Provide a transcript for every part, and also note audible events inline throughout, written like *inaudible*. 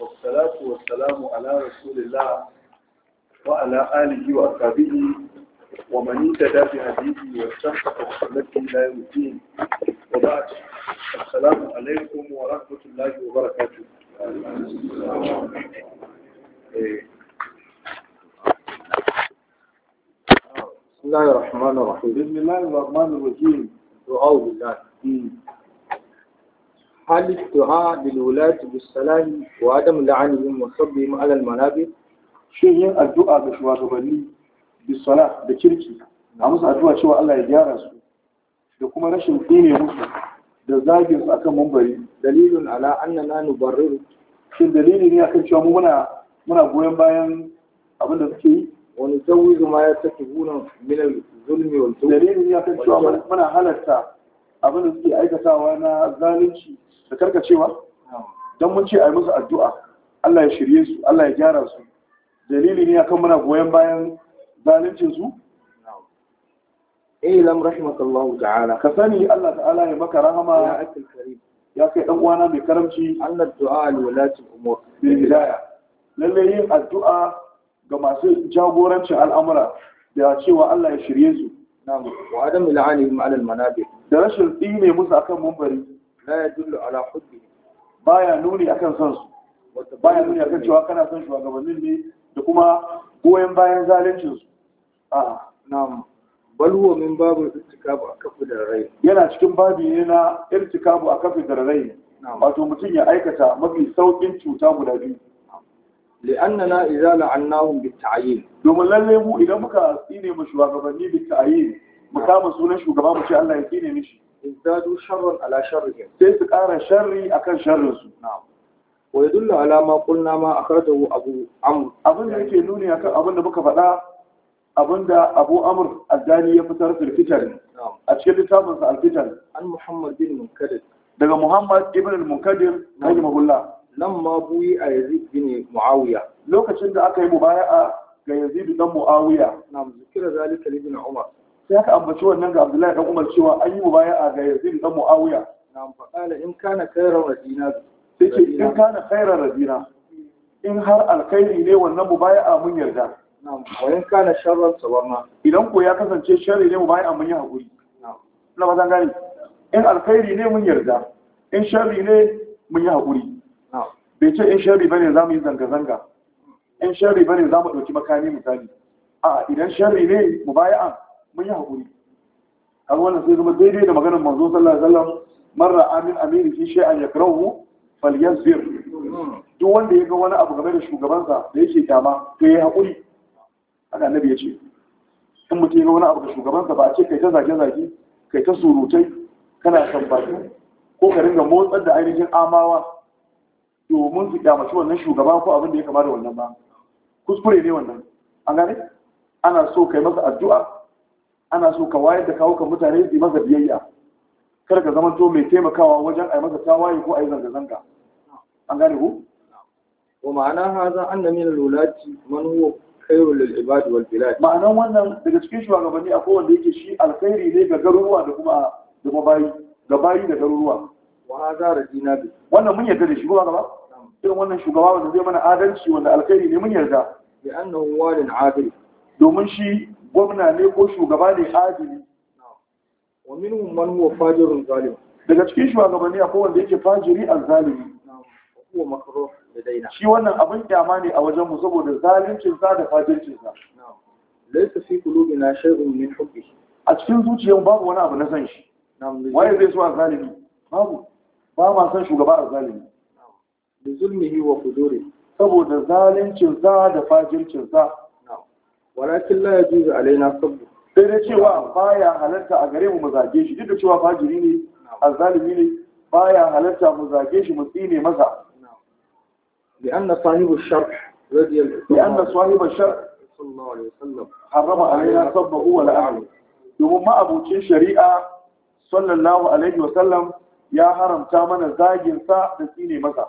والصلاة والسلام على رسول الله وعلى آله وأصحابه ومن اهتدى بهديه واستمسك بسنته إلى يوم الدين وبعد السلام عليكم ورحمة الله وبركاته بسم الله الرحمن الرحيم بسم الله الرحمن الرحيم دعاء بالله halittuha lilulati bisalami wa adam yin wa biyu alal manabir shin yin addu'a ga shugabanni bisala da kirki a musu addu'a cewa Allah ya gyara su da kuma rashin tsine musu da zagin su akan mambari dalilun ala annana barin. shin dalilin ne akan cewa muna muna goyon bayan abin da suke yi wani zawizu ma ya saki gunan minal zulmi wal dalili ne akan cewa muna halarta abin da suke aikatawa na zalunci da karkacewa don mun ce a yi musu addu'a Allah ya shirye su Allah ya gyara su dalili ne akan muna goyon bayan zaluncin su eh lam rahimakallahu ta'ala ka sani Allah ta'ala ya maka rahama ya akil karim ya kai dan uwana mai karamci Allah du'a al walati umur bil hidayah lalle yin addu'a ga masu jagorancin al'amura da cewa Allah ya shirye su na'am wa adam ila'anihim alal manabir da rashin tsine musu akan mumbari la dullu ala Ba baya nuni akan son su wanda baya nuni akan cewa kana son shugabannin ne da kuma goyen bayan zalincin su a ah, na'am bal huwa min babu irtikabu kafin da rai yana cikin babi ne na irtikabu kafin da rai wato mutum ya aikata mafi saukin cuta guda biyu لأننا إذا لعناهم بالتعيين دوما للمو إذا مكا أسيني مشواغبني بالتعيين mu kama sunan shugaba mu ce Allah ya tsine mishi izdadu sharran ala sharrihim sai su kara sharri akan sharrin su wa yadullu ala ma qulna ma akhrajahu abu amr abin da yake nuni akan abin da muka faɗa abin da abu amr addani ya fitar da fitar a cikin littafin sa al an muhammad bin munkadir daga muhammad ibn al munkadir rahimahullah ma buyi a yazid bin muawiya lokacin da aka yi mubaya'a ga yazid dan muawiya na zikira zalika ibn umar sai aka ambaci wannan ga Abdullahi dan Umar cewa an yi mubaya'a ga Yazid dan Muawiya na faɗa in kana khairar radina sai ce in kana khairar radina in har alkhairi ne wannan mubaya'a mun yarda wa in kana sharran sabarna idan ko ya kasance sharri ne mubaya'a mun yi hakuri na ba zan gane in alkhairi ne mun yarda in sharri ne mun yi hakuri bai ce in sharri bane za mu yi zanga-zanga in sharri bane za mu ɗauki makami misali a idan sharri ne mubaya'a mun yi haƙuri kaga wannan sai zama daidai da maganar manzo sallallahu alaihi wasallam marra amin amiri fi shay'an yakrahu Falyazir. duk wanda ya ga wani abu game da shugabansa da yake dama to ya haƙuri haka annabi ya ce in mutum ya ga wani abu da shugabansa ba a ce kai ta zage-zage kai ta surutai kana tambatu ko ka ringa motsar da ainihin amawa domin su kyamaci wannan shugaba ko abin da ya kama da wannan ba kuskure ne wannan an gane ana so kai masa addu'a ana so ka wayar da kawo kan mutane su yi masa biyayya kar ka zama to mai taimakawa wajen a yi masa tawaye ko a yi zanga-zanga an gane ku wa ma'ana haza anna min al-wulati man huwa khairu lil ibad wal bilad ma'ana wannan daga cikin shugabanni akwai wanda yake shi alkhairi ne ga garuruwa da kuma da kuma bayi ga bayi da garuruwa wa haza radina bi wannan mun yarda da shi ko ba irin wannan shugaba wanda zai mana adalci wanda alkhairi ne mun yarda bi annahu walin adil domin shi gwamna ne ko shugaba ne adili wa minhum man huwa fajirun zalim daga cikin shugabanni akwai wanda yake fajiri alzalimi zalimi makruh ladaina shi wannan abin kyama ne a wajen mu saboda zalincin sa da fajircin sa laysa fi qulubina shay'un min hubbi a cikin zuciyar babu wani abu na san shi waye zai so al-zalimi babu ba ma san shugaba al-zalimi bi zulmihi wa fuduri saboda zalincin sa da fajircin sa walakin la yajuzu alaina sabbu sai dai cewa baya halarta a gare mu mu zage shi duk da cewa fajiri ne azzalimi ne baya halarta mu zage shi mu tsine masa لأن صاحب الشرح رضي الله لأن صاحب الشرح صلى الله عليه وسلم حرم علينا صبه ولا أعلم domin ma'abucin shari'a sallallahu alaihi wasallam ya haramta mana zaginsa da tsine masa.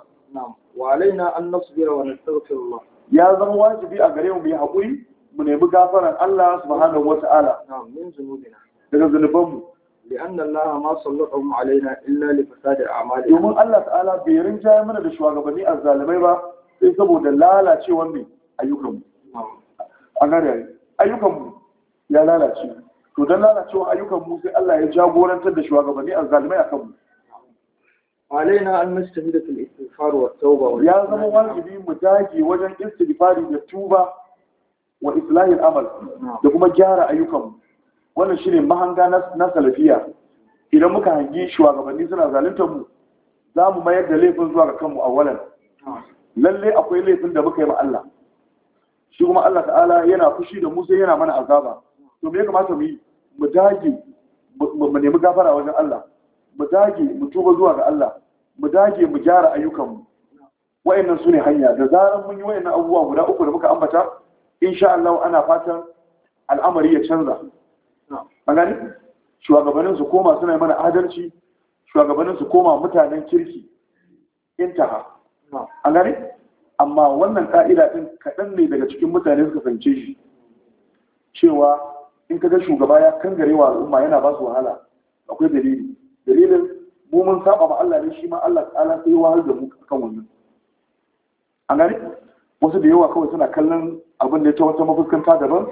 Wa alaina an nasbira wa nastaghfirullah. Ya zama wajibi a gare mu mu haƙuri mu nemi gafaran Allah subhanahu wata'ala min zunubina daga zunubanmu لأن الله ما سلطهم علينا إلا لفساد أعمالنا يوم الله تعالى بيرن جاي من الشواغبني الظالمين با sai saboda lalacewar mai ayyukanmu a gare ayyukanmu ya lalace to don lalacewar ayyukanmu sai Allah ya jagorantar da shugabanni a zalimai a kanmu alaina an nastahi da istighfar wa tauba ya zama wajibi mu dage wajen istighfari da tuba wa islahin amal da kuma gyara ayyukanmu wannan shine mahanga na salafiya idan muka hangi shugabanni suna zaluntar mu za mu mayar da laifin zuwa ga kanmu wannan. lalle akwai laifin da muka yi ma Allah shi kuma Allah ta'ala yana fushi da Musa yana mana azaba to me ya kamata mu yi mu dage mu nemi gafara wajen Allah mu dage mu tuba zuwa ga Allah mu dage mu gyara ayyukanmu wa'annan sune hanya da zaran mun yi wa'annan abubuwa guda uku da muka ambata insha Allah ana fatan al'amari ya canza A gani shugabannin su koma suna yi mana adalci shugabannin su koma mutanen kirki intaha A gani amma wannan ka'ida din kaɗan ne daga cikin mutane suka fahimce shi cewa in ka ga shugaba ya kangare wa al'umma yana ba su wahala akwai dalili dalilin mu mun saba ma Allah ne shi ma Allah ta'ala sai wahal da mu kan wannan an gani wasu da yawa kawai suna kallon abin da ya ta wata mafuskanta daban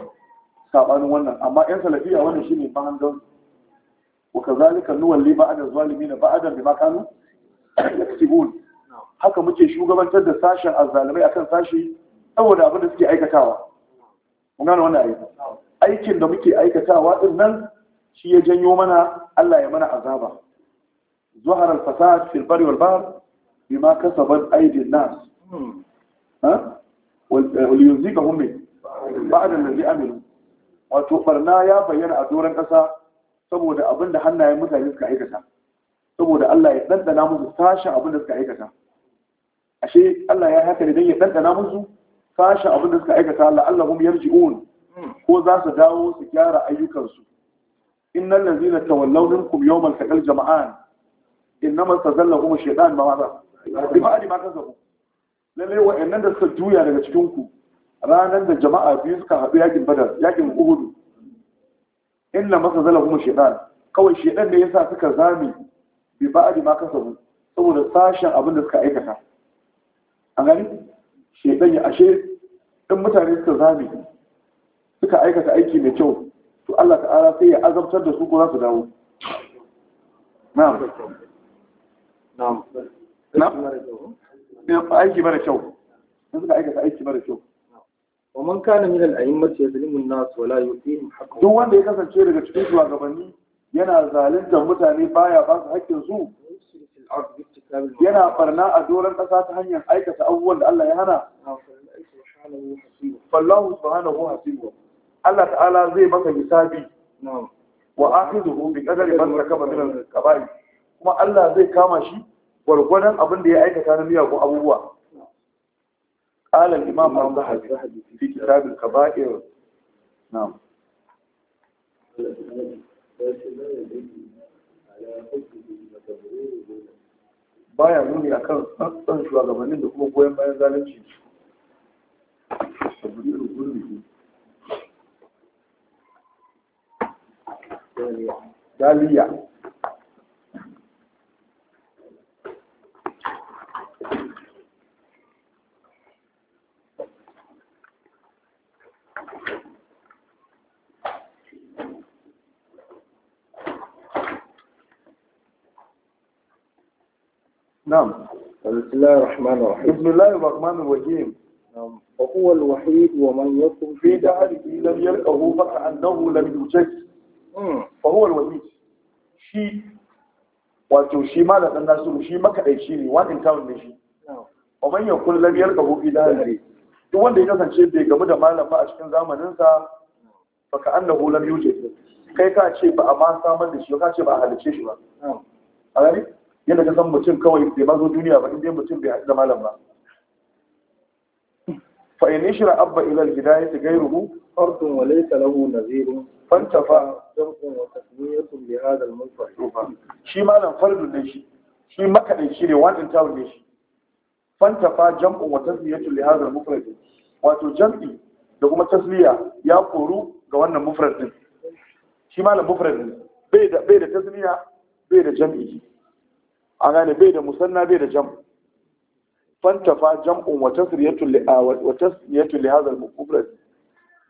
sabanin wannan amma yan salafiya wannan shine mahangan wa kazalika nuwalli na ba'adar da bima kanu yaktubun haka muke shugabantar da sashen azzalimai akan sashi saboda abin da suke aikatawa kun gane wannan aiki aikin da muke aikatawa din nan shi ya janyo mana Allah ya mana azaba Zuharar al-fasad fil bari wal bahr bima kasabat aydin nas hmm. Eh, waliyunzika hume ba'adar da zai aminu wato barna ya bayyana a doron ƙasa saboda abin hannayen mutane suka aikata saboda Allah ya ɗanɗana musu sashen abin da suka aikata ashe Allah ya haka ne don ya ɗanɗana musu sashen abin da suka aikata Allah Allah hum ko za su dawo su gyara ayyukansu innal ladzina tawallaw minkum yawmal taqal jama'an innama tazalla hum shaytan ma'a ma lalle wa'annan da suka juya daga cikinku ranar da jama'a biyu suka haɗu yakin badar yakin uhudu inna masa zala kuma shaitan kawai shaitan ne yasa suka zame bi ba ma kasabu saboda sashen abin da suka aikata A gani shaitan ya ashe in mutane suka zame suka aikata aiki mai kyau to Allah ta'ala sai ya azabtar da su ko za su dawo na'am na'am aiki mara kyau in suka aikata aiki mara kyau wa man kana min duk wanda ya kasance daga cikin shugabanni yana zaluntar mutane baya ba hakkin su yana barna a doron ƙasa ta hanyar aikata abubuwan da Allah ya hana fallahu subhanahu hasibu Allah ta'ala zai maka hisabi wa akhiduhu bi qadari man rakaba kuma Allah zai kama shi gwargwadon abin da ya aikata na miyagun abubuwa قال الإمام الذهبي في كتاب الكبائر نعم baya nuni a kan tsantsan shugabannin da kuma goyon bayan zalunci daliya نعم بسم الله الرحمن الرحيم بسم الله الرحمن الرحيم نعم وهو الوحيد ومن يكن في دعره لم يلقه فكأنه لم يوجد فهو الوحيد شيء wato shi malamin nasu shi makaɗaici ne wani town ne shi a manyan kullum ya rika hufi dalare duk wanda ya kasance bai gamu da malama a cikin zamaninsa ba ka an da hulam yuje kai ka ce ba a ma samar da shi ba ka ce ba a halice shi ba a gani yadda ka san mutum kawai bai ba zo duniya ba inda mutum bai haɗu da malam ba fa in ishra abba ila al hidayah ghayruhu fardun wa laysa lahu nazirun fantafa darbun wa tasmiyatun li hadha al-munfarid shi malam fardun ne shi shi makadin shi ne wadin tawun ne shi fantafa jam'un wa tasmiyatun li hadha al wato jam'i da kuma tasmiya ya koru ga wannan mufrad din shi malam mufrad ne bai da bai da tasmiya bai da jam'i an gane bai da musanna bai da jam fantafa jam'un wa tasriyatu li wa tasriyatu li hadha al-mufrad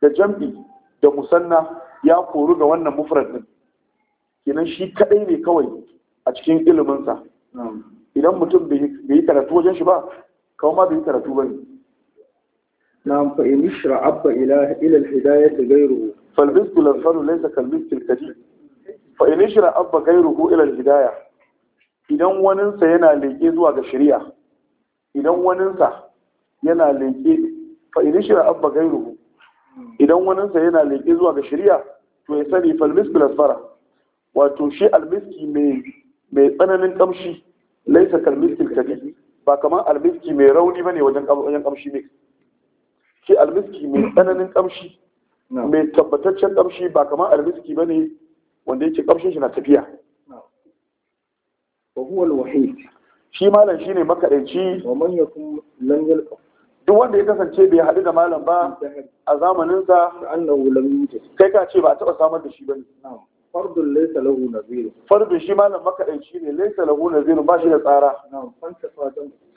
da jam'i da musanna ya koru ga wannan mufrad din kenan shi kadai ne kawai a cikin ilimin sa idan mutum bai yi karatu wajen shi ba kawai ma bai yi karatu ba ne na'am fa in abba ila ila al-hidayah ghayruhu fal bisku lan falu laysa kal bisku al-kadim fa in shra abba ghayruhu ila al-hidayah idan waninsa yana leƙe zuwa ga shari'a idan waninsa yana leƙe fa'idin abba gairuhu idan waninsa yana leƙe zuwa ga shari'a to ya sani falmis fara, wato shi almiski mai tsananin kamshi laisa kalmiskin kadi ba kamar almiski mai rauni ba ne wajen kamshi ne shi almiski mai tsananin kamshi mai tabbataccen kamshi ba kamar almiski ba ne wanda yake kamshin shi na tafiya وهو الوحيد شي مالن shi malam makadanci wa duk wanda ya kasance bai haɗu da malam ba a zamanin sa kai ka ce ba a taɓa samar da shi bane fardun laysa lahu nazir fardun shi malam makadanci ne laysa lahu nazir ba shi da tsara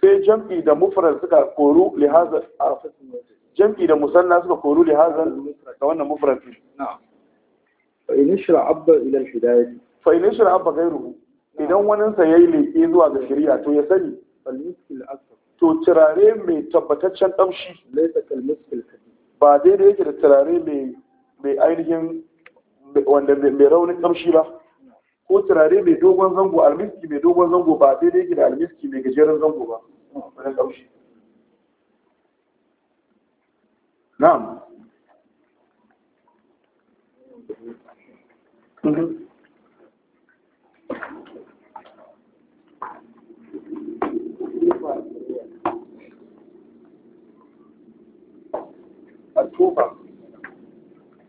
sai jam'i da mufrad suka koru lihaza jam'i da musanna suka koru lihaza ga wannan mufrad na'am fa inishra abba ila al-hidayah fa idan wani ya yi leƙe zuwa ga shari'a to ya sani to turare mai tabbataccen ɗamshi ba daidai yake da turare mai ainihin wanda mai raunin ɗamshi ba ko turare mai dogon zango almiski mai dogon zango ba daidai yake da almiski mai gajeren zango ba wani ɗamshi na'am mhm. الكوفة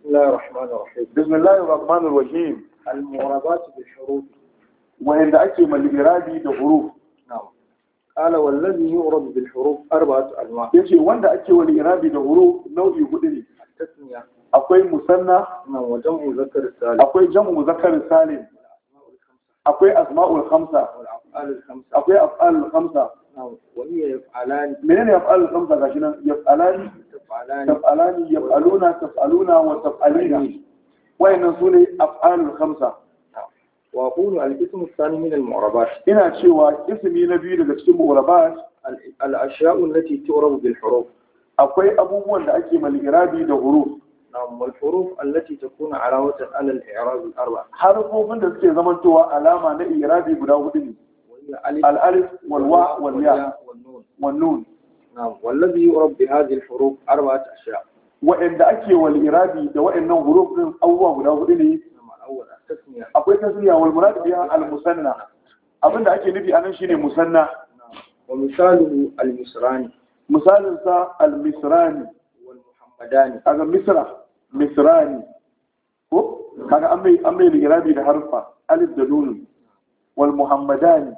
بسم الله الرحمن الرحيم بسم الله الرحمن الرحيم المغربات بالحروف وإن أكتم الإرادي بحروف نعم قال والذي يغرب بالحروف أربعة أنواع يجي وإن أكتم الإرادي بحروف نوع يهدني التسمية أقوي مثنى نعم وجمع مذكر السالم أقوي جمع مذكر السالم أقوي أسماء الخمسة والأفعال الخمسة أقوي أفعال الخمسة نعم وهي يفعلان منين يفعل الخمسة عشان يفعلان taf'alani yaf'aluna taf'aluna wa wayannan sune af'alul khamsa wa aqulu al-ismu ath-thani min al-mu'rabat ina cewa ismi na biyu daga cikin mu'rabat al-ashya'u allati tu'rabu bil huruf akwai abubuwan da ake mal irabi da huruf نعم والحروف التي تكون علامة على الإعراب الأربع حرف من ذلك زمن توا علامة لإعراب بلا الألف والواء والياء na'am wallazi ake wal da wa'annan huruf din awwa guda hudu ne akwai tasmiya wal murad biha al musanna abinda ake nufi anan shine musanna misalin sa al misrani wal muhammadani kaga misra misrani ko an mai da harfa alif da nun wal muhammadani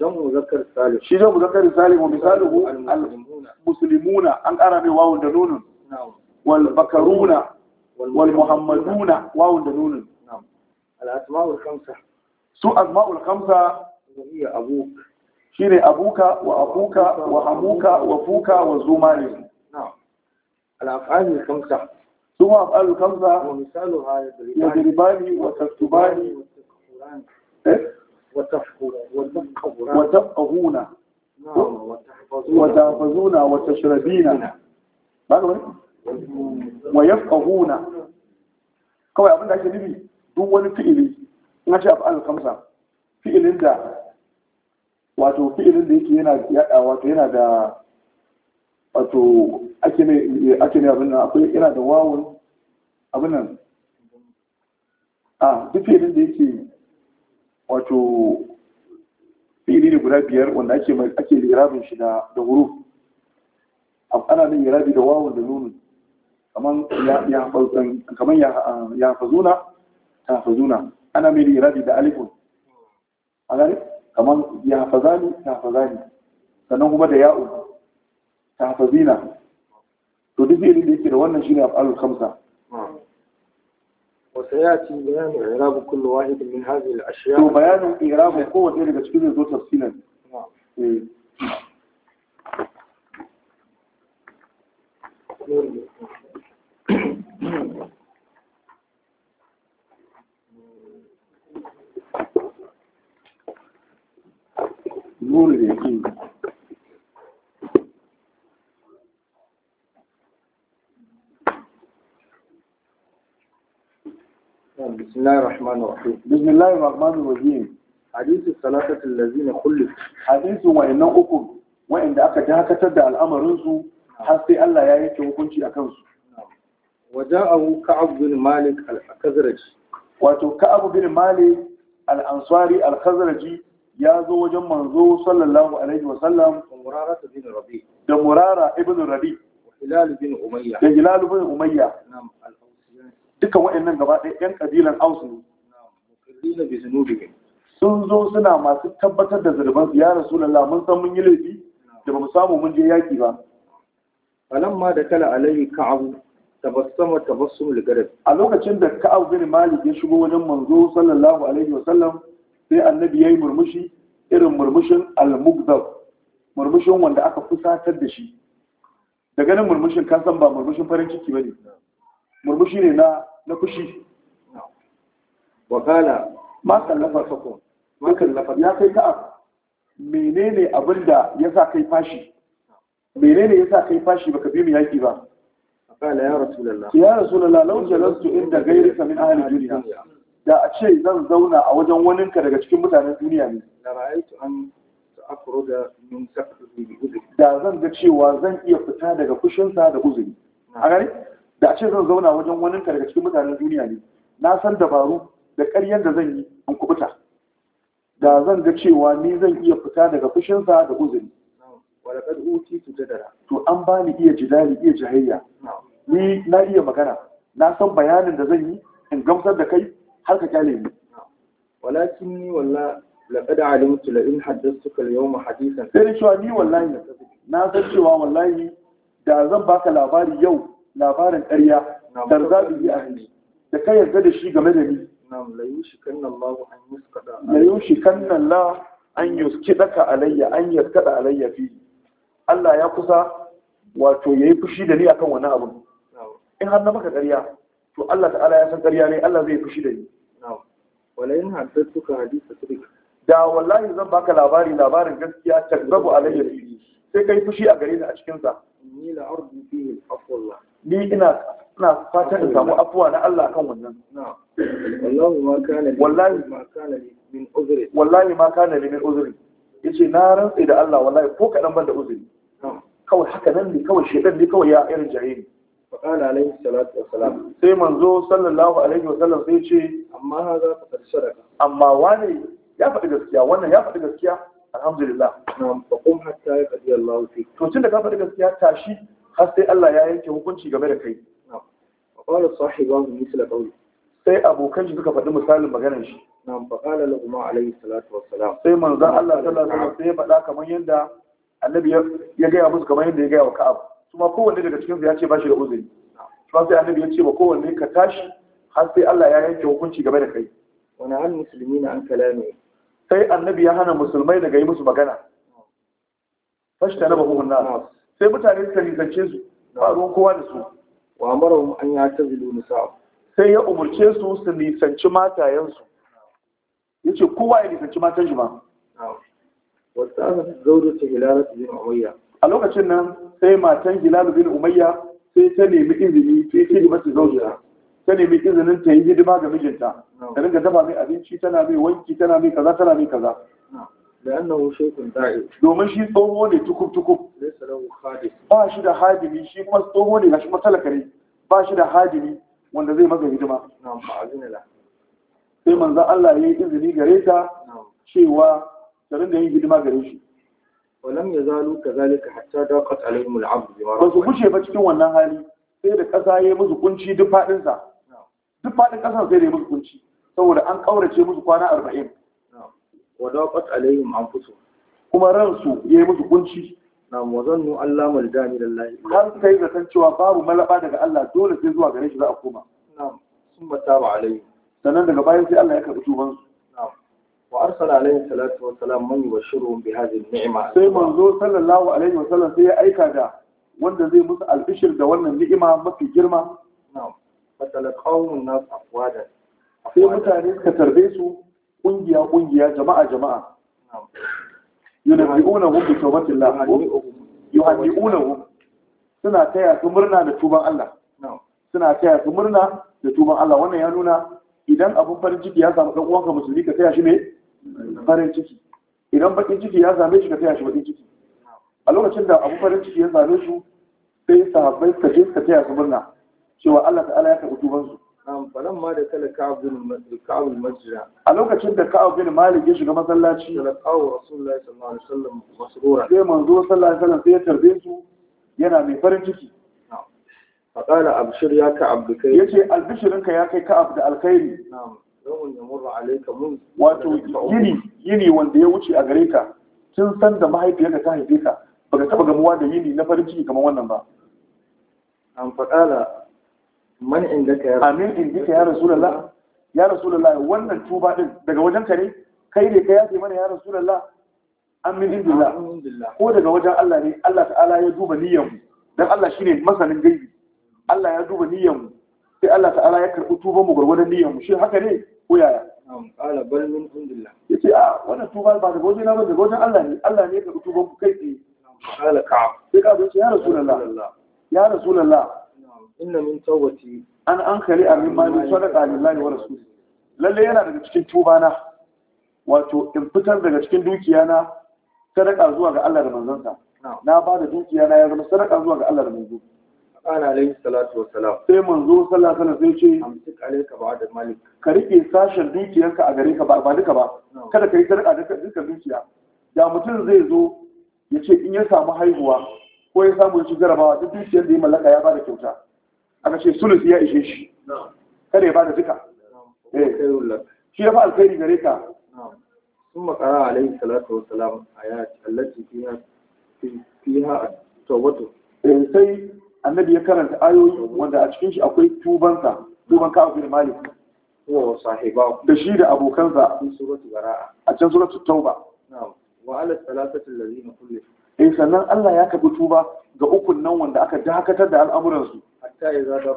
جمع مذكر سالم شي جمع مذكر سالم ومثاله المسلمون أن أرى واو دنون والبكرون والمحمدون واو دنون نعم الأسماء الخمسة سوء أسماء الخمسة هي أبوك شيني أبوك وأبوك وأموك وفوك وزمالي نعم الأفعال الخمسة ثم أفعال الخمسة ومثالها يضربان وتكتبان إيه وتفقهون وتحفظون وتشربين wa yafqahuna kawai abin da ake nufi duk wani fi'ili in ce af'al khamsa fi'ilin da wato fi'ilin da yake yana wato yana da wato ake ne ake ne abin nan akwai yana da wawun abin nan a duk fi'ilin da yake wato fi'ili ne guda biyar wanda ake ake lirabin shi da da huruf ana nan lirabi da wawan da nunu kaman ya ya fazun kaman ya ya fazuna ta fazuna ana mai lirabi da alifun a gani kaman ya fazani ta fazani sannan kuma da ya'u ta fazina to duk fi'ili da yake da wannan shine af'alul khamsa وسيأتي بيان إعراب كل واحد من هذه الأشياء وبيان إعراب قوة إيه لتشكيل دول تفصيلا نعم إيه. نور اليقين نعم بسم الله الرحمن الرحيم بسم الله الرحمن الرحيم حديث الثلاثة الذين خلف حديث وإن أكم وإن أكا جهك تدع الأمر نسو حتى ألا يأيك وكنشي أكنسو وجاءه كعب بن مالك الخزرج واتو كعب بن مالك الأنصاري الخزرجي ya zo wajen manzo sallallahu alaihi wa sallam murara bin rabi da murara ibn rabi da hilal bin umayya da hilal bin umayya duka waɗannan gaba ɗaya 'yan ƙabilan aus ne sun zo suna masu tabbatar da zurban ya rasulullah mun san mun yi laifi da bamu samu mun je yaƙi ba ma da kala alaihi ka'abu tabassama tabassum ligarib a lokacin da abu bin malik ya shigo wajen manzo sallallahu alaihi wasallam sai annabi yayi murmushi irin murmushin al-mughdab murmushin wanda aka fusatar da shi da ganin murmushin kan san ba murmushin farin ciki bane murmushi ne na na kushi wakala ma kallafa sako ma kallafa ya kai ka'ab menene abin da ya sa kai fashi menene ya sa kai fashi baka bi mu yaki ba kala ya rasulullah ya rasulullah law jalastu inda ghayrika min ahli duniya da a ce zan zauna a wajen ka daga cikin mutanen duniya ne la ra'aytu an da min saqfihi da zan ga cewa zan iya fita daga kushinsa da uzuri a gare da a ce zan zauna wajen wani daga cikin mutanen duniya ne na san dabaru da ƙaryar da zan yi in kubuta da zan ga cewa ni zan iya fita daga fushinsa da uzuri walakad uti tu jadara to an ba ni iya jidali iya jahiliya ni na iya magana na san bayanin da zan yi in gamsar da kai har ka kyale ni walakin ni walla laqad alimtu la in haddathtuka al-yawma hadithan sai cewa ni wallahi na san cewa wallahi da zan baka labari yau labarin ƙarya yi a hannu da ka yarda da shi game da ni yi shi kannan la an yuskida ka alayya an yaskada alayya fi Allah ya kusa wato ya yi fushi da ni akan wani abu in har na maka ƙarya to Allah ta'ala ya san ƙarya ne Allah zai fushi da ni wala in haddathuka haditha sidq da wallahi zan baka labari labarin gaskiya ta zabu alayya fi sai kai fushi a gare ni a cikinsa. ni ni ina ina fata in samu afuwa na Allah kan wannan wallahi ma kana wallahi ma kana min uzri wallahi ma kana min uzri yace na rantsi da Allah wallahi ko kadan ban da uzuri kawai haka nan ne kawai shedan ne kawai ya irin jahili فقال عليه الصلاة والسلام سيما زو صلى الله عليه وسلم سيشي أما هذا فقد صدق أما واني يا فقد السكيا وانا يا فقد السكيا alhamdulillah na'am fa qum hatta yaqdi Allah fi to tunda ka faɗi gaskiya tashi har sai Allah ya yanke hukunci game da kai fa qala sahibahu misla qawli sai abokan shi suka faɗi misalin maganar shi na'am fa qala lahum alayhi salatu wa salam. sai manzon Allah sallallahu alaihi wasallam sai ya faɗa kamar yadda annabi ya gaya musu kamar yadda ya gaya wa Ka'ab kuma kowanne daga cikin su ya ce ba shi da uzuri kuma sai annabi ya ce ba kowanne ka tashi har sai Allah ya yanke hukunci game da kai wani al musulmi na an kalame sai annabi ya hana musulmai daga yi musu magana fashi ta naba hukunna sai mutane suka nisance su faru kowa da su wa mara mu an ya ta zilu nisa sai ya umarce su su nisanci matayensu ya ce kowa ya nisanci matan shi ma a lokacin nan sai matan gilalu bin umayya sai ta nemi izini sai ta masu zaujiya ta nemi izinin ta yi hidima ga mijinta ta ringa dafa mai abinci tana mai wanki tana mai kaza tana mai kaza لأنه شيخ domin shi tsoho ne tukub tukub ba shi da hadimi shi kuma tsoho ne shi matalaka ne ba shi da hadimi wanda zai masa hidima sai manzan Allah ya yi izini gare ta cewa ta ringa yin hidima gare shi Wannan ya zalu ka zalika hatta daqat alaihim al'abd bima ba su gushe ba cikin wannan hali sai da kasa musu kunci duk fadin sa duk faɗin ƙasar zai da musu kunci saboda an ƙaurace musu kwana arba'in wadaqat alaihim anfusuhum kuma ransu ya yi musu kunci na wazannu Allah maljani lillahi har kai da san cewa babu malaba daga Allah dole sai zuwa gare shi za a koma na'am sun bata ba alaihi sannan daga bayan sai Allah ya karɓi tuban su na'am wa arsala alaihi salatu wa salam man yubashiruhum bi hadhihi ni'ma sai manzo sallallahu alaihi wa sallam sai ya aika da wanda zai musu albishir da wannan ni'ima mafi girma na'am fatalaqawun nas afwadan sai mutane suka tarbe su ƙungiya-ƙungiya, jama'a jama'a yunabbi'una hum bi tawbatillah yuhaddi'una hum suna taya su murna da tuban Allah suna taya su murna da tuban Allah wannan ya nuna idan abun farin ciki ya samu dan uwanka musulmi ka taya shi ne farin ciki idan bakin ciki ya same shi ka taya shi bakin ciki a lokacin da abun farin ciki ya same su sai sahabbai ka je ka taya su murna cewa Allah ta'ala ya karɓi tubansu amfanin ma da kala ka'abul masjida a lokacin da ka'ab bin malik ya shiga masallaci da ka'ab rasulullahi sallallahu alaihi wasallam masrura sai manzo sallallahu alaihi wasallam sai ya tarbe su yana mai farin ciki faqala abshir ya ka'ab bi kai yace albishirinka ya kai ka'ab da alkhairi na'am yawun yamurru alayka mun wato yini yini wanda ya wuce a gare ka tun san da mahaifiyarka ta haife ka baka taba gamuwa da yini na farin ciki kamar wannan ba an faqala man indaka ya amin indaka ya rasulullah ya rasulullah wannan tuba din daga wajen ka ne kai ne ka yafe mana ya rasulullah amin indillah ko daga wajen Allah ne Allah ta'ala ya duba niyyar mu dan Allah shine masanin gaibi Allah ya duba niyyar mu sai Allah ta'ala ya karbi tuban mu gurgurdan niyyar mu shi haka ne ko yaya qala bal min indillah yace a ah, wannan tuba ba daga wajen na ba daga wajen Allah ne Allah ne ya karbi tuban mu kai tsaye qala ka sai ka zo ya rasulullah ya rasulullah inna min tawbati an ankali a min mali sadaqa lillahi wa rasuli lalle yana daga cikin tuba na, wato in fitar daga cikin dukiya na sadaqa zuwa ga Allah da sa na ba da dukiya na ya zama sadaqa zuwa ga Allah da manzo ana alayhi salatu wa salam sai manzo sallallahu alaihi wasallam sai ce amsik alayka ba'da malik ka rike sashen dukiyarka a gare ka ba ba duka ba kada ka yi sadaka da duka dukiya da mutum zai zo ya ce in ya samu haihuwa ko ya samu ya ci jarabawa duk dukiyar da ya mallaka ya ba da kyauta aka ce sulus ya ishe shi kada ya bada duka eh. shi ya fa alkhairi gare ka sun makara alaihi salatu wasalam a ya allati fiha fiha tawbatu eh, sai annabi ya karanta ayoyi wanda a cikin shi akwai tubansa tuban ka abu malik da shi da abokansa a can suratu tauba wa ala salatati lalina kulle. eh sannan Allah ya kabi tuba ga ukun nan wanda aka dakatar da al'amuransu hatta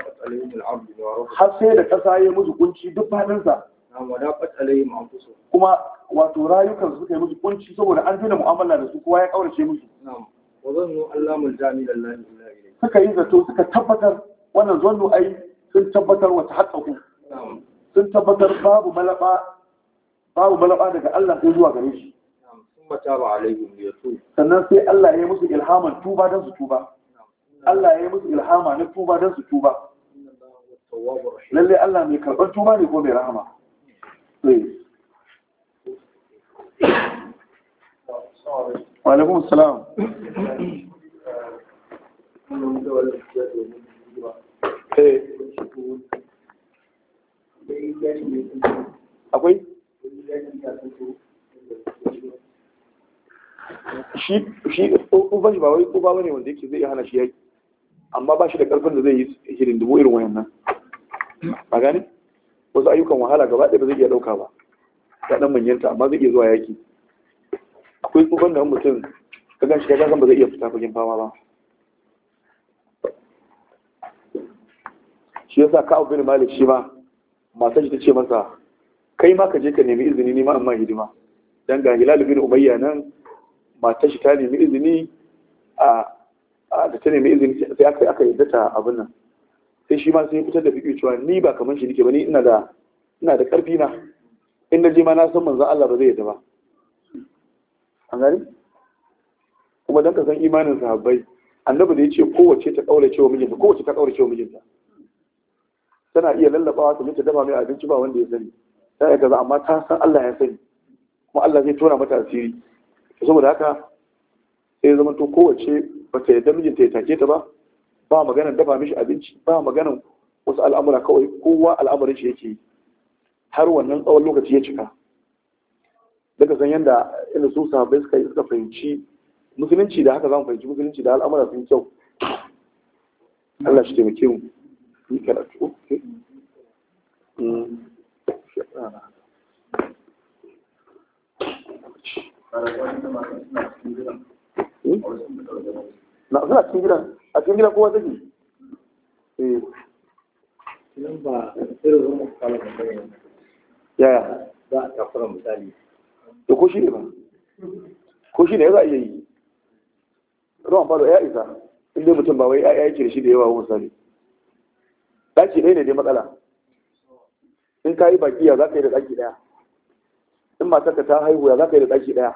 wa har sai da kasa ya musu kunci duk fadin sa wa anfusuhum kuma wato rayukan su suka yi musu kunci saboda an dina mu'amala da su kowa ya kaurace musu na'am wa zannu allamul ilayhi suka yi zato suka tabbatar wannan zannu ai sun tabbatar wa tahaqqaqu na'am sun tabbatar babu malaba babu malaba daga Allah sai zuwa gare shi sun mata ba alaihim sannan sai Allah ya yi musu ilhaman tuba dan su tuba Allah ya yi musu ilhama na tuba don su tuba lalle Allah mai karɓar tuba ne ko mai rahama eh. wa salam eh. akwai shi ba wai wanda yake zai hana shi yaki amma ba shi da ƙarfin da zai yi dubu irin wayannan ba gani wasu ayyukan wahala gaba ɗaya ba zai iya ɗauka ba Ta ɗan manyanta amma zai iya zuwa yaki akwai tsufan da mutum ka gan shi ya ba zai iya fita fagen fama ba shi yasa ka abu malik shi ma matar shi ta ce masa kai ma ka je ka nemi izini ne ma amma hidima dan ga hilal bin umayya nan matar shi ta nemi izini a da ta nemi izini sai aka aka yadda ta abin nan sai shi ma sai fitar da fiƙi cewa ni ba kamar shi nike ba ni ina da ina da ƙarfi na inda na je ma na san manzon Allah ba zai yadda ba an gani kuma dan ka san imanin sahabbai annabi da ya ce kowace ta kaura cewa mijinta kowace ta kaura cewa mijinta tana iya lallabawa ta mace dafa mai abinci ba wanda ya sani tana kaza amma ta san Allah ya sani kuma Allah zai tona mata asiri saboda haka sai zama to kowace bata yadda mijinta ya take ta ba ba magana dafa mishi abinci ba magana wasu al'amura kawai kowa al'amarin shi yake yi har wannan tsawon lokaci ya cika daga san yadda irin su sahabbai suka yi suka fahimci musulunci da haka za mu fahimci musulunci da al'amura sun kyau Allah shi taimake mu yi karatu okay Thank hmm. you. Eh? na suna cikin gidan a cikin gidan kowa take eh. yaya za a takura misali da ko shi ne ba ko shi ne za a iya yi ruwan falo ya isa inda mutum ba wai ya yake da shi da yawa misali Ɗaki ɗaya ne dai matsala in ka yi ya za ka yi da ɗaki ɗaya in ka ta haihu ya za ka yi da ɗaki ɗaya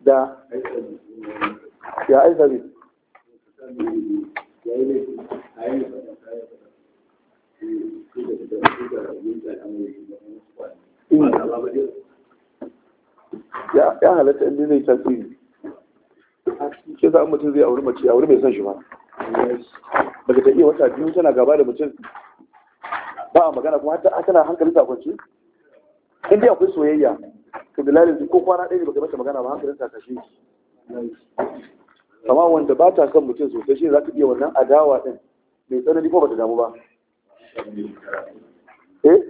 da ya aika ne. Hmm. ya halatta inda zai tasiri ke za mutum zai auri mace auri mai son shi ba daga ta iya wata biyu tana gaba da mutum ba a magana kuma tana hankali ta in dai akwai soyayya to da lalazi ko kwana ɗaya baka mata magana ba hankalin ta kashe amma wanda ba ta kan mutum sosai shi za ka iya wannan adawa ɗin mai tsanani ko ba ta damu ba eh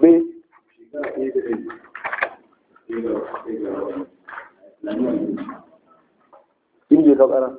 me inda ka ƙara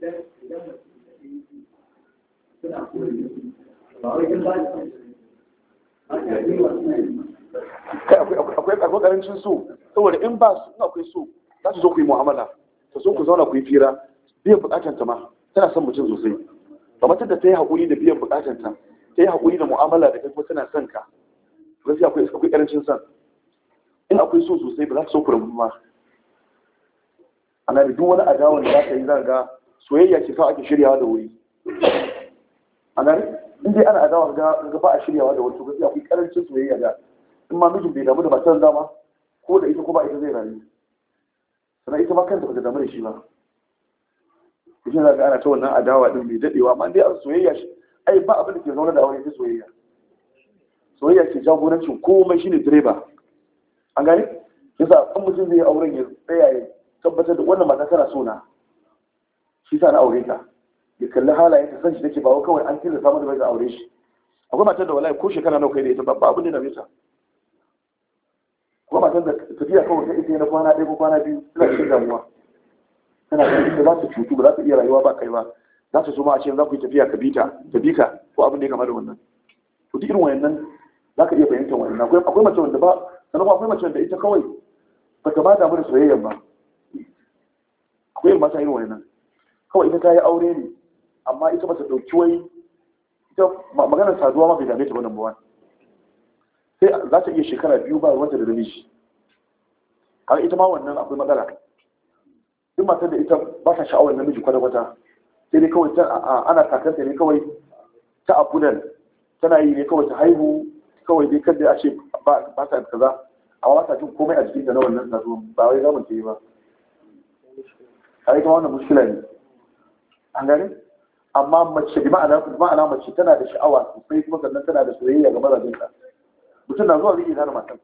kai akwai akwai karancin so saboda in ba su in akwai so za su zo ku yi mu'amala ta so ku zauna ku yi fira biyan bukatan ma tana son mutum sosai kamar tunda ta yi haƙuri da biyan bukatanta, ta ta yi haƙuri da mu'amala da kuma tana son ka gaskiya akwai akwai karancin son in akwai so sosai ba za ka so ku rabu ma. ana da duk wani adawan da za ka yi zan ga soyayya ce kawai ake shiryawa da wuri a nan in dai ana adawa ga ba a shiryawa da wato gaskiya akwai karancin soyayya da in ma mijin bai damu da matar dama ko da ita ko ba ita zai rayu sannan ita ma kanta ba ta damu da shi ba kuma za ka ana ta wannan adawa din mai dadewa amma dai an soyayya shi ai ba abin da ke zaune da aure ta soyayya soyayya ce jagorancin komai shine direba an gane yasa in mutum zai yi auren ya tsaya ya tabbatar da wannan mata tana so na shi sa na aure ta ya kalli halayen ta san shi ke bawa kawai an tilasta da bai aure shi akwai matar da wallahi ko shekara nawa kai da ita ba abin da na bisa kuma matar da tafiya kawai ta ita na kwana ɗaya ko kwana biyu suna cikin damuwa tana da ita za su cutu ba za su iya rayuwa ba kai ba za su zuma a ce za ku yi tafiya ka bita ta bika ko abin da ya kama da wannan to duk irin wayannan za ka iya fahimtar wannan akwai akwai mace wanda ba sannan akwai mace wanda ita kawai ba ta ba damu da soyayya ba akwai mata irin wayannan kawai ita ta yi aure ne amma ita ba ta ɗauki wai ita maganar saduwa ma bai dame ta wannan bawan sai za ta iya shekara biyu ba wata da namiji. shi kaga ita ma wannan akwai matsala duk matar da ita ba ta sha'awar namiji kwata-kwata sai dai kawai ana kakanta ne kawai ta abudan tana yi ne kawai ta haihu kawai dai kada a ce ba ta kaza amma ba ta jin komai a jikinta na wannan saduwa ba wai yi ba a yi kama wannan muskila ne an gari amma mace bi ma'ana mace tana da sha'awa sai kuma sannan tana da soyayya ga mazajinta mutum na zuwa zai iya gane matan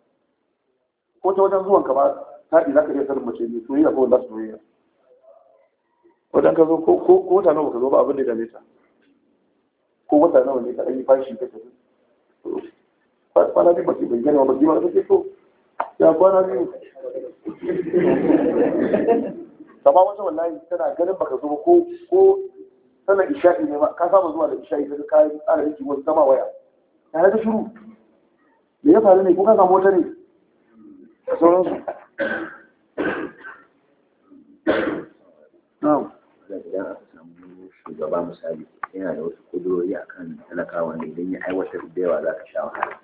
ko ta wajen zuwan ka ba ta za ka iya sanin mace ne soyayya ko wanda soyayya wajen ka zo ko wata nawa ka zo ba abin da ya dame ta ko wata nawa ne ka ɗan yi fashi ka tafi kwana biyu mace bai gane ba ba ta ce to ya kwana biyu sama wata wallahi tana ganin baka zo ko ko tana isha'i ne ma ka saba zuwa da isha'i daga kai tsara yake wani zama waya Ya da shiru da ya faru ne ko ka samu wata ne da sauransu idan samu shugaba misali yana da wasu kudurori a kan talakawa ne don ya aiwatar da yawa za ka sha wahala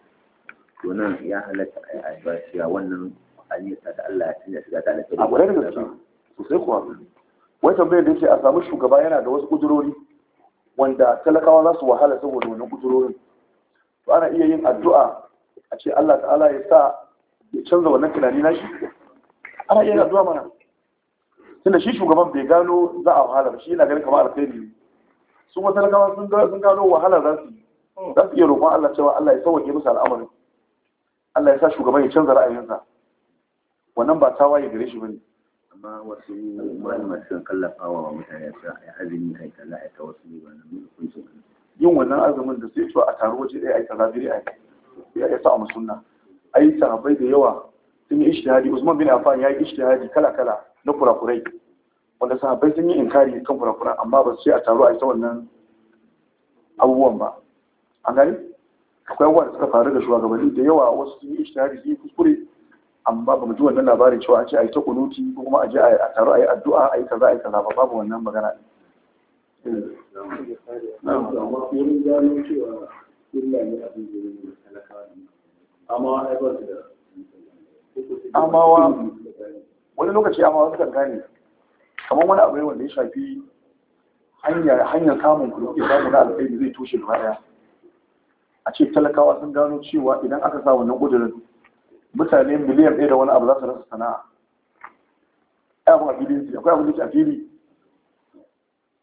to nan ya halatta a yi addu'a wannan aliyar ta da Allah ya canza shiga ta da a wadanda su sai kuwa wai tambayar da yake a samu shugaba yana da wasu kudurori wanda talakawa za su wahala saboda wannan kudurorin to ana iya yin addu'a a ce Allah ta'ala ya sa ya canza wannan tunani na shi ana iya yin addu'a mana tunda shi shugaban bai gano za a wahala ba shi yana ganin kamar alkhairi su ma talakawa sun gano wahala za su za su iya roƙon Allah cewa Allah ya sauwaƙe musu al'amarin Allah ya sa shugaban ya canza ra'ayinsa wannan ba tawaye gare shi bane amma wasu malama sun kallafa wa mutane su a yi azumi a yi kaza a ta wasu ne ba na hukuncin yin wannan azumin da sai cewa a taro waje ɗaya a yi kaza biri a yi ya sa a musunna a yi sahabbai da yawa sun yi ishtihadi usman bin affan ya yi ishtihadi kala kala na kurakurai wanda sahabbai sun yi inkari kan kurakuran amma ba su ce a taro a yi ta wannan abubuwan ba an gani akwai abubuwa da suka faru da shugabanni da yawa wasu sun yi ishtihadi sun yi kuskure amma ba mu ji wannan labarin cewa an ce a yi ta kunuti ko kuma a je a taru a yi addu'a a yi kaza a yi kaza ba babu wannan magana ne. wani lokaci wasu kan gane kamar wani abu ne wanda ya shafi hanyar samun kuɗi mu na alkhairi zai toshe gaba a ce talakawa sun gano cewa idan aka sa wannan ƙudurin mutane miliyan ɗaya da wani abu za su rasa sana'a ya kuma filin akwai abinci a fili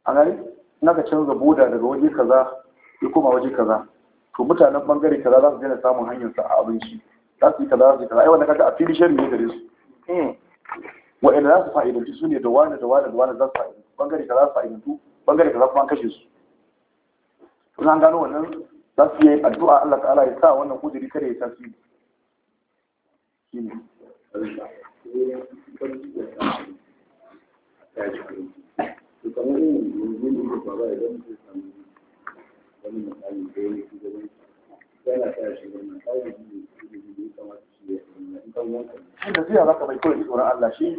a gani na ka canza boda daga waje kaza ya koma waje kaza to mutanen bangare kaza za su daina samun hanyar sa a abinci za su yi kaza za su yi kaza ai wanda kaga a fili shan ne gare su hmm. wa'anda za su fa'idanci su ne da wani da wani da wani za su fa'idanci bangare kaza su fa'idantu bangare kaza kuma an kashe su to an gano wannan za su yi addu'a Allah ta'ala ya sa wannan kudiri kada ya tasiri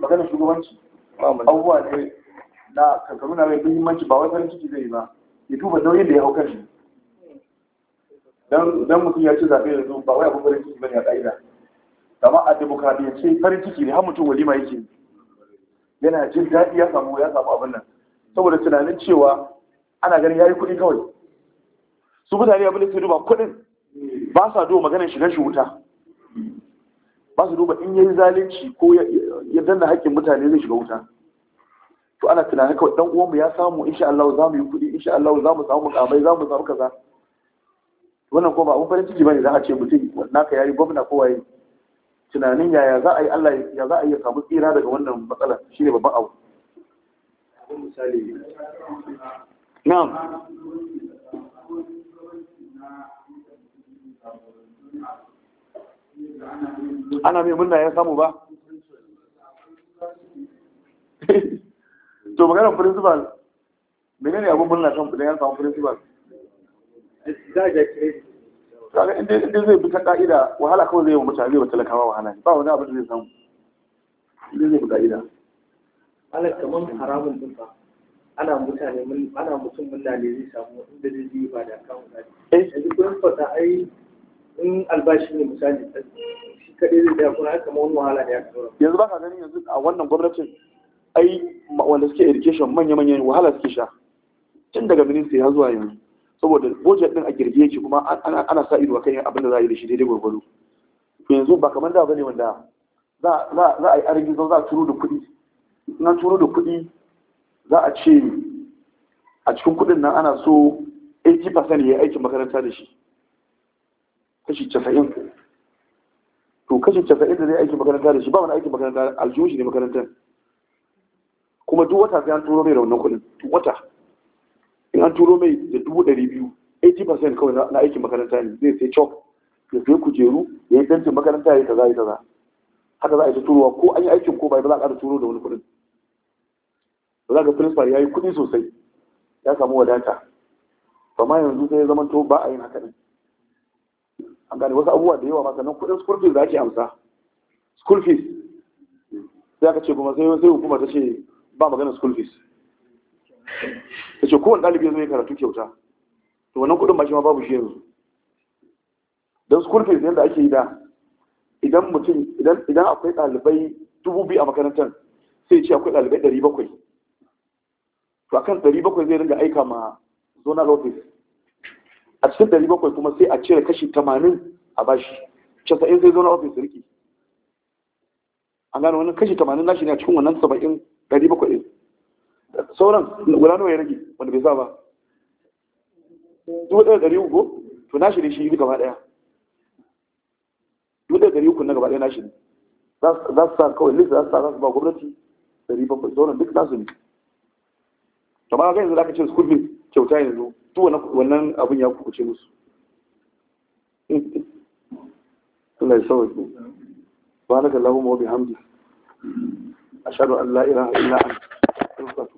magana shugabanci abubuwa ne na kankaru na mai muhimmanci ba wani farin ciki zai yi ba ya tuba nauyin da ya hau kanshi dan mutum ya ci zaɓe yanzu ba wai abin farin ciki bane a ƙa'ida amma a demokradiyance farin ciki ne har mutum walima yake yana jin daɗi ya samu ya samu abin nan saboda tunanin cewa ana ganin yayi kuɗi kawai su mutane abin da su duba kuɗin ba sa duba maganar shigar shi wuta ba su duba in yayi zalunci ko ya danna haƙƙin mutane zai shiga wuta to ana tunanin kawai dan uwanmu ya samu insha Allah za mu yi kuɗi insha Allah za mu samu mukamai za mu samu kaza wannan ko ba abun farin ciki bane za a ce mutum naka yayi gwamna ko waye tunanin yaya za a yi Allah ya za a yi samu tsira daga wannan matsala ne babban abu na'am ana mai murna ya samu ba *laughs* to maganar principal menene abin murna kan ya samu principal da ga kaga inda inda zai bi ta ka'ida wahala kawai zai yi wa mutane zai wa talakawa wahala ba wani abu da zai samu inda zai bi ka'ida alal kaman haramun din ba ana mutane mun ana mutum mun da ne zai samu inda zai yi ba da kawai mutane eh. yanzu kun fata ai in albashi ne misali shi kadai zai da kuma kaman wani wahala ne ya kawo yanzu ba ka gani yanzu a wannan gwamnatin ai wanda suke education manya-manyan wahala suke sha tun daga ministry har zuwa yanzu saboda budget din a girgiye yake kuma ana sa ido akan abin da za a yi da shi daidai gwargwado to yanzu ba kamar da bane wanda za a yi arin gizo za a turo da kuɗi na turo da kuɗi za a ce a cikin kuɗin nan ana so 80% ya yi aikin makaranta da shi kashi 90 to kashi 90 da zai aikin makaranta da shi ba wani aikin makaranta aljihu shi ne makarantar kuma duk wata sai an turo mai raunin kuɗin wata in an turo mai da dubu ɗari biyu 80% kawai na aikin makaranta ne zai sai cok ya sai kujeru ya yi dancin makaranta ya yi kaza ya kaza haka za a yi ta turowa ko an yi aikin ko bai ba za a ƙara turo da wani kuɗin ba za ka principal ya yi kuɗi sosai ya samu wadata ma yanzu sai ya zama to ba a yin haka ne. an gane wasu abubuwa da yawa ma sannan kuɗin school fees za ake amsa school fees sai aka ce kuma sai sai hukuma ta ce ba magana school fees Da ce kowane ɗalibi ya zo ya karatu kyauta to wannan kuɗin shi ma babu shi yanzu don school fees yadda ake yi da idan mutum idan akwai ɗalibai dubu biyu a makarantar sai ce akwai ɗalibai ɗari bakwai to a kan ɗari bakwai zai ringa aika ma zonal office a cikin ɗari bakwai kuma sai a cire kashi tamanin a bashi casa'in sai zonal office riƙe an gano wani kashi tamanin nashi ne a cikin wannan saba'in ɗari bakwai ɗin sauran guda nawa ya rage wanda bai sa ba dubu ɗaya ɗari uku to na shi ne shi gaba ɗaya dubu ɗaya ɗari uku na gaba ɗaya na shi ne za su sa kawai list za su sa za su ba gwamnati ɗari bakwai sauran duk nasu ne to ma ga yanzu za aka ce school bill kyauta yanzu tu wannan abin ya kukuce musu Allah ya sauke subhanakallahumma wa bihamdika ashhadu an la ilaha illa anta